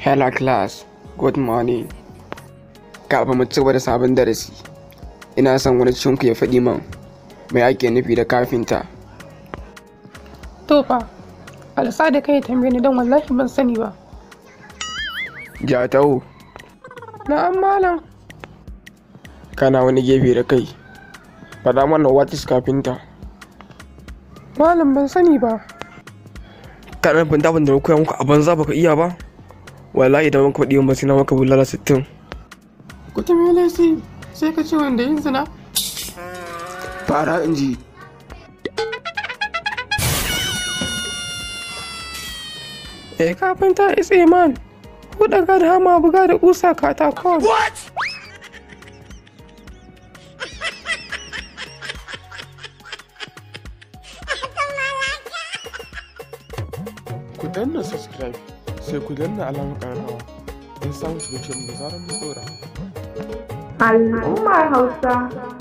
Hello class, good morning. Kafin mu ci da sabon darasi, ina son wani cikinku ya faɗi man me ake nufi da kafinta. Tofa, alisa da kai tambaye ni don wallahi ban sani ba. Jatau. Na'am malam. Kana wani gefe da kai. Faɗa mana what is kafinta. Malam ban sani ba. Kana bin dabin da koya muku a banza baka iya ba? wallahi idan maka faɗi ba sai na maka bulala sittin ku ta mele sai sai ka ce wanda yin zina fara in ji eh kafin ta isa man buɗe ka da hama buga da ƙusa katakon ku danna subscribe sai ku danna alamar ƙararrawa in samun su da zarar mu tsora. Al'ummar Hausa